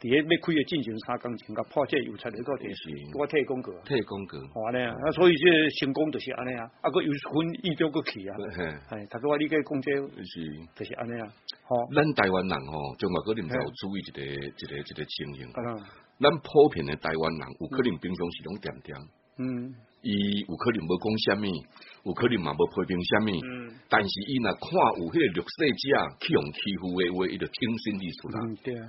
底下要開進行正三鋼琴，個破借又出來個電視，我退工個，工個、啊嗯啊，所以這個成功就是安尼啊，啊有分依對、欸、啊，他說話你個工是就是安尼啊，吼。咱台灣人吼，就話嗰夠注意一個嘿一個一個情形。啊、咱普遍的台灣人，嗯、有可能平常是攏恬恬，嗯，伊有可能冇講蝦米，有可能冇冇批評蝦米，嗯、但是伊若看有許綠色家去用欺負的，話，伊就挺身出來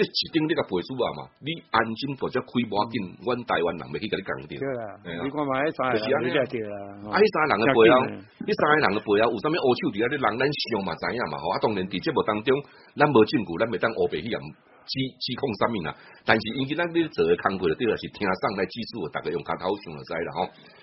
即係指定呢個背啊嘛，你安睛或者開無要緊？阮台灣人起去甲更講你講埋啲曬啦，你即係調啦，啲曬人嘅背啊，啲曬人嘅背啊，有啥物烏手佇遐、啊？啲人咱想嘛，知影嘛，啊當然佇節目當中，咱無證據，咱未當烏白去指指控啥物啦，但是因為咱啲做嘅工會，啲係是聽上來嚟記誒逐個用骹頭想就知啦，吼。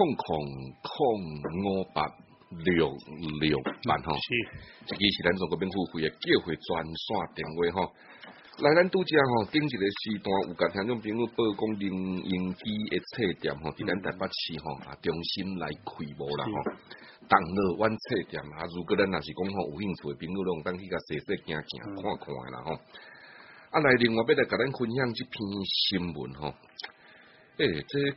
空空空五八六六萬號，哦、是，這個是咱中國邊付費嘅繳費專線電話吼。來咱都講吼，頂一個時段有甲聽眾朋友報告錄音機嘅冊店吼，佇、哦、咱台北市吼啊中心來開無啦吼。長樂灣冊店啊，如果咱若是講吼有興趣嘅朋友，攏通去甲踅踅行行看看啦吼。嗯、啊來，另外要來甲咱分享一篇新聞吼。誒、哦欸，這。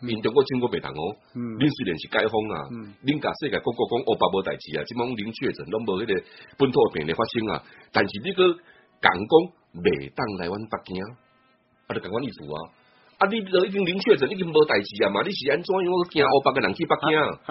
連、嗯、中國政府未同我，恁、嗯、雖然是解封啊，恁甲世界各國講烏巴無代誌啊，只幫零確診攏無迄個本土病誒發生啊，但是你佫共講未當來阮北京，阿共阮意思啊，阿、啊、你都已經零確診，你已經無代誌啊嘛，你是安怎樣驚烏巴誒人去北京？啊啊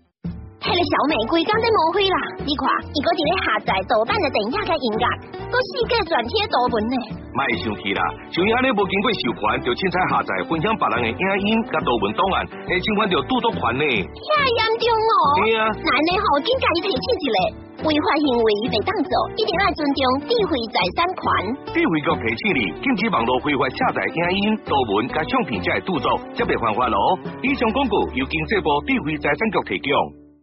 睇個小玫瑰，剛都模糊啦！你看你擱佇咧下載盜版嘅電影甲音樂，嗰四個轉貼盜文呢。賣生氣啦！像你阿尼無經過授權，就凊彩下載分享別人嘅影音加盜文檔案，係侵犯着著作權咧。太嚴重哦！對啊，那你何經介提醒一下？違法行為未當做，一定要尊重智慧財產權。智慧局提起你，禁止網絡非法下載影音、盜文加唱片之類著作，即未犯法咯。以上廣告由經濟部智慧財產局提供。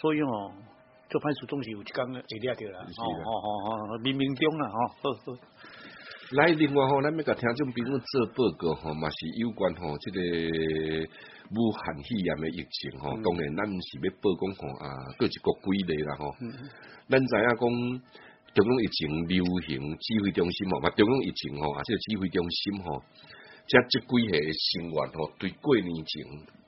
所以哦，做歹事總是有一工會掠着啦！的哦哦哦哦，明明中啦、啊！哈，來另外吼，咱要甲聽眾，朋友做報告吼，嘛、哦、是有關吼、哦，這個武漢肺炎嘅疫情吼，哦嗯、當然，咱唔是要曝光啊，擱一個幾日啦！吼、哦，咱知影，講中央疫情流行指揮中心嘛，中央疫情吼啊、哦，這個指揮中心吼，即、哦、幾下成員吼，對過年前。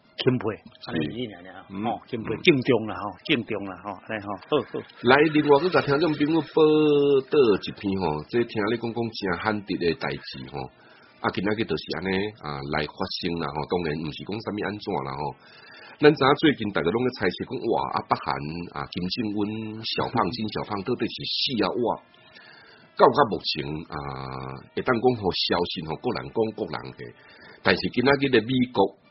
欽佩，嗯，欽佩、喔，敬重了哈，敬重了哈，來哈，來，另外個在聽眾比我報道一篇哦、喔，這聽你講講正罕跌的代志哦，啊，今仔日都是安尼啊，來發生啦哈、喔，當然唔是講什麼安怎啦、喔、咱知影最近大家攏個猜測講哇，阿、啊、北韓啊，金正恩，小胖金小胖到底是死啊哇，到目前啊，一等講消息哦，喔、個人講個人的，但是今仔日美國。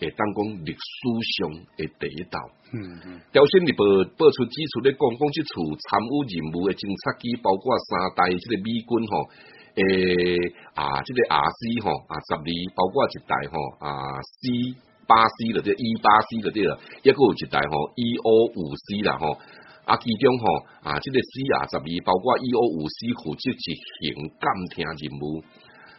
會當講歷史上誒第一道，嗯嗯，朝鮮日報報出指出咧，講講即次參與任務誒，偵察機包括三代即個美軍吼、喔、誒、欸、啊即、這個 RC 吼啊十二，包括一代吼、喔、啊 C, C、巴西嗰啲 E C、巴西嗰啲抑擱有一代吼、喔、E、O、五 C 啦吼，啊其中吼、喔、啊即、這個 C 啊十二，包括 E、O、五 C 負責執行監聽任務。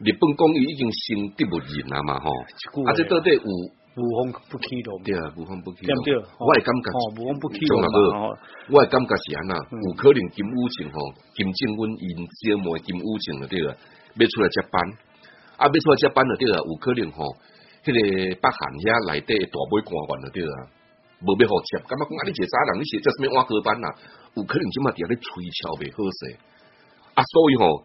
日本講已已經成植物人啊嘛，嗬！啊，即到底有無風不起浪，對啊，無風不起浪嗎。我誒感覺、哦，我誒感覺是安怎，嗯、有可能金與正吼，金正恩因小妹金與正嗰啲啊，要出來接班，啊，要出來接班嗰啲啊，有可能吼迄、那個北韓遐內底大尾官員嗰啲啊，無要互接，感覺講，你做啥人？你做做咩碗糕班啊？有可能即嘛，起碼啲咧吹俏未好勢啊，所以吼。